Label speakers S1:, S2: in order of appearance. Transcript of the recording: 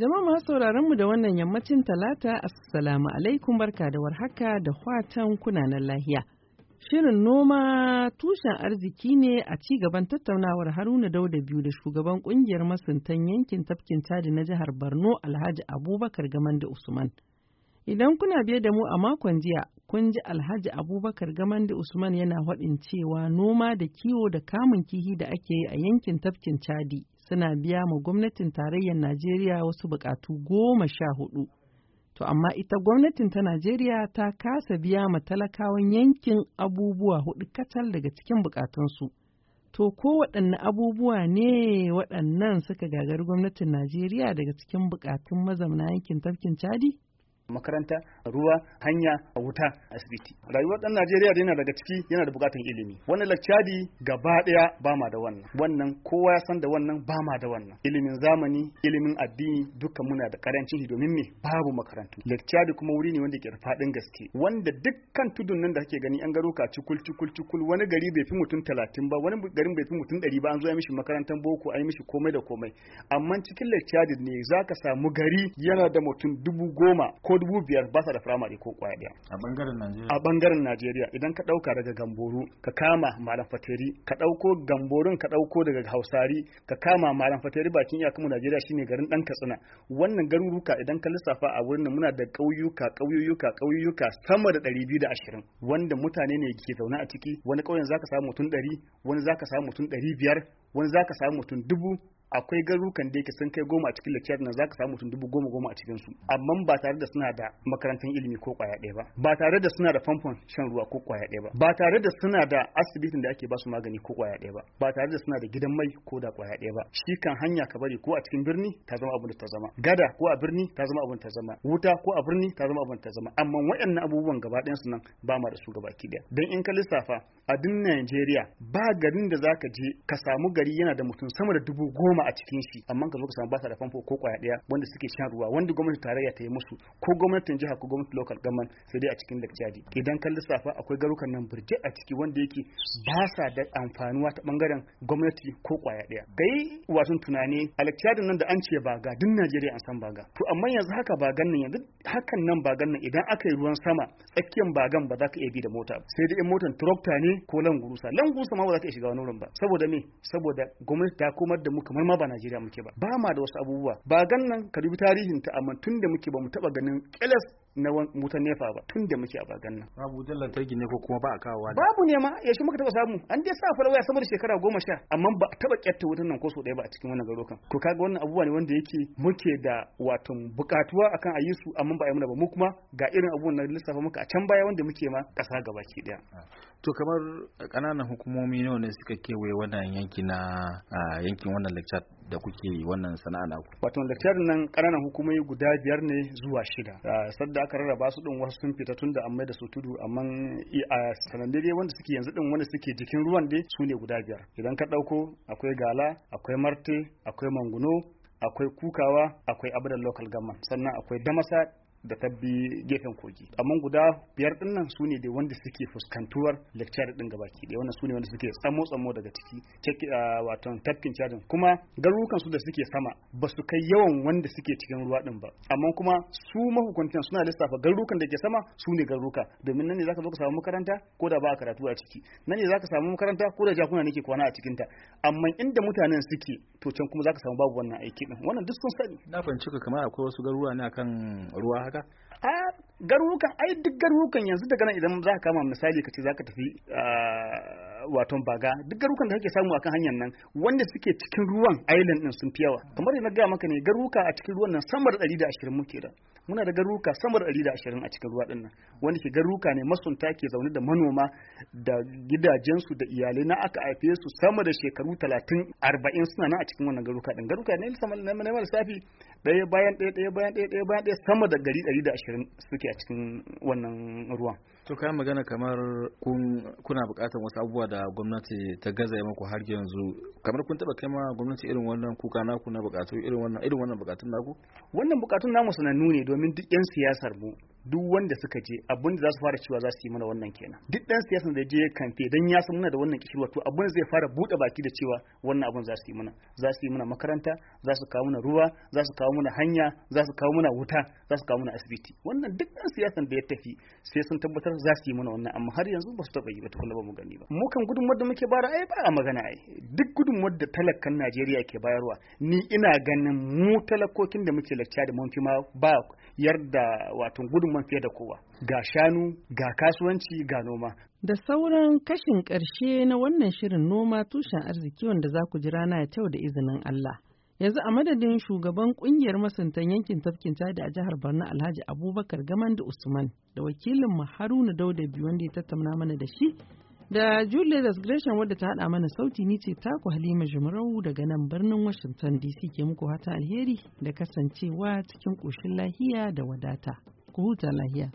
S1: Jama'a masu sauraron mu da wannan yammacin talata assalamu alaikum barka da warhaka da watan kunanan lahiya. Shirin noma tushen arziki ne a ci gaban tattaunawar Haruna Dauda biyu da shugaban kungiyar masuntan yankin tafkin Chadi na jihar Borno Alhaji Abubakar Gaman da Usman. Idan kuna biye da mu a makon jiya kun ji Alhaji Abubakar Gaman da Usman yana haɗin cewa noma da kiwo da kamun kihi da ake yi a yankin tafkin Chadi suna biya ma gwamnatin tarayyar Najeriya wasu bukatu goma sha hudu. To amma ita gwamnatin ta Najeriya ta kasa biya ma talakawan yankin abubuwa hudu kacal daga cikin bukatunsu. To ko waɗanne abubuwa ne waɗannan suka gagari gwamnatin Najeriya daga cikin bukatun mazamna yankin tafkin Chadi?
S2: makaranta ruwa hanya a wuta asibiti rayuwar dan najeriya da yana daga ciki yana da bukatan ilimi wannan lakcadi gaba daya ba ma da wannan wannan kowa ya san da wannan ba ma da wannan ilimin zamani ilimin addini dukkan muna da karancin shi domin me babu makarantu lakcadi kuma wuri ne wanda ke faɗin gaske wanda dukkan tudun nan da kake gani an ka cikul cikul cikul wani gari bai fi mutum talatin ba wani garin bai fi mutum ɗari ba an zo ya mishi makarantar boko an yi mishi komai da komai amma cikin lakcadi ne zaka samu gari yana da mutum dubu goma ko dubu biyar ba sa da firamare ko kwaya ɗaya a bangaren najeriya a bangaren najeriya idan ka ɗauka daga gamboru ka kama malam fateri ka ɗauko gamborun ka ɗauko daga hausari ka kama malam fateri bakin iyakanmu najeriya shine garin ɗan katsina wannan garuruka idan ka lissafa a wurin muna da ƙauyuka ƙauyuka ƙauyuka sama da ɗari biyu da ashirin wanda mutane ne ke zaune a ciki wani ƙauyen zaka samu mutum ɗari wani zaka samu mutum ɗari biyar wani zaka samu mutum dubu akwai garurukan da yake san kai goma a cikin lecture na zaka samu mutum dubu goma goma a cikin su amma ba tare da suna da makarantar ilimi ko kwaya ɗaya ba ba tare da suna da famfon shan ruwa ko kwaya ɗaya ba ba tare da suna da asibitin da ake ba su magani ko kwaya ɗaya ba ba tare da suna da gidan mai ko da kwaya ɗaya ba shi kan hanya ka bari ko a cikin birni ta zama abin da ta zama gada ko a birni ta zama abin ta zama wuta ko a birni ta zama abin ta zama amma waɗannan abubuwan gaba ɗayan su nan ba ma da su gaba ki ɗaya don in ka lissafa a duk Najeriya ba garin da zaka je ka samu gari yana da mutum sama da dubu goma sama a cikin shi amma ka zo ka samu ba da famfo ko kwaya daya wanda suke shan ruwa wanda gwamnati tarayya ta yi musu ko gwamnatin jiha ko gwamnati local gaman sai dai a cikin lakciyadi idan kan lissafa akwai garukan nan burje a ciki wanda yake ba sa da amfanuwa ta bangaren gwamnati ko kwaya daya kai wato tunani a nan da an ce ba ga duk Najeriya an san ba ga to amma yanzu haka ba gan nan yanzu hakan nan ba gan nan idan aka yi ruwan sama tsakiyar bagan ba za ka iya bi da mota sai dai in motan tractor ne ko langurusa langurusa ma ba za ta iya shiga wani wurin ba saboda me saboda gwamnati ta komar da mu kamar ma ba Najeriya muke ba ba ma da wasu abubuwa ba gan nan ka dubi tarihin ta amma tun da muke ba mu taba ganin kelas na wutan nefa ba tun da muke a bagan nan babu wutan lantarki ne ko kuma ba a kawowa babu ne ma ya shi muka taba samu an dai sa ya sama da shekara goma sha amma ba a taba kyatta wutan nan ko so daya ba a cikin wannan garo kan to kaga wannan abubuwa ne wanda yake muke da wato bukatuwa akan a yi su amma ba a yi mana ba mu kuma ga irin abubuwan nan lissafa muka a can baya wanda muke ma ƙasa gabaki ɗaya ah, to kamar ƙananan hukumomi nawa ne suka kewaye wannan yanki na ah, yankin wannan lecture da kuke wannan sana'a na ku wato tiyar nan ƙananan hukumai guda biyar ne zuwa shida ah, sadda aka rarraba su ɗin wasu sun fita tun da amma da su tudu amma a sananne dai wanda suke yanzu din wanda suke jikin ruwan dai su ne guda biyar idan ka ɗauko akwai gala akwai marti akwai manguno akwai kukawa akwai abadan local government sannan akwai damasa da ta gefen kogi amma guda biyar din nan su ne da wanda suke fuskantuwar lecture din gabaki da wannan su ne wanda suke tsamo tsamo daga ciki ah, wato tafkin cajin kuma garurukan su da suke sama ba su kai yawan wanda suke cikin ruwa din ba amma kuma su mahukuntan suna lissafa garurukan da ke sama su ne garuruka domin nan ne zaka zo ka samu makaranta ko da ba karatu a ciki nan ne zaka samu makaranta ko da jakuna nake kwana a cikinta amma inda mutanen suke to can kuma zaka samu babu wannan aiki din wannan duk sun sani na fahimci ka kamar akwai wasu garuruwa ne akan ruwa haka a garurukan ai duk garurukan yanzu daga nan idan za ka kama misali ka ce za ka tafi ah, wato baga duk garukan da kake samu akan hanyar nan wanda suke cikin ruwan island din sun fi yawa kamar na gaya maka ne garuka a cikin ruwan nan sama da 120 muke da muna da garuka sama da 120 a cikin ruwa din nan wanda ke garuka ne masunta ke zaune da manoma da gidajensu da iyalai na aka haife su sama da shekaru 30 40 suna nan a cikin wannan garuka din garuka ne sama na lissafi daya bayan daya daya bayan daya daya bayan daya sama da gari 120 suke a cikin wannan ruwan to kayan magana kamar kuna bukatar wasu abubuwa da gwamnati ta gaza ya maku har yanzu kamar kun taba kai ma gwamnati irin wannan kuka naku na bukatu irin wannan irin wannan bukatun naku wannan bukatun namu sanannu ne domin duk yan siyasar mu duk wanda suka je abin da za su fara cewa za su yi mana wannan kenan duk dan siyasan da je kamfe dan ya san muna da wannan kishirwa to abin zai fara bude baki da cewa wannan abin za su yi mana za su yi mana makaranta za su kawo mana ruwa za su kawo mana hanya za su kawo mana wuta za su kawo mana asibiti wannan duk dan siyasan da ya tafi sai sun tabbatar za su yi mana wannan amma har yanzu ba su taba yi ba tukuna ba mu gani ba mu kan gudunmuwar da muke bara ai ba a magana ai duk gudunmuwar da talakan Najeriya ke bayarwa ni ina ganin mu talakokin da muke lacca da mun fi ma ba yarda wato gudun cin fiye da kowa ga shanu ga kasuwanci ga noma
S1: da sauran kashin karshe na wannan shirin noma tushen arziki wanda za ku ji rana ya kyau da izinin Allah yanzu a madadin shugaban kungiyar masuntan yankin tafkin chadi a jihar borno alhaji abubakar gaman da usman da wakilin mu haruna dauda biyu wanda ya tattauna mana da shi da julius gresham wadda ta hada mana sauti ni ce "Ta taku halima jumrau daga nan birnin washington dc ke muku hata alheri da kasancewa cikin koshin lahiya da wadata ku huta lahiya.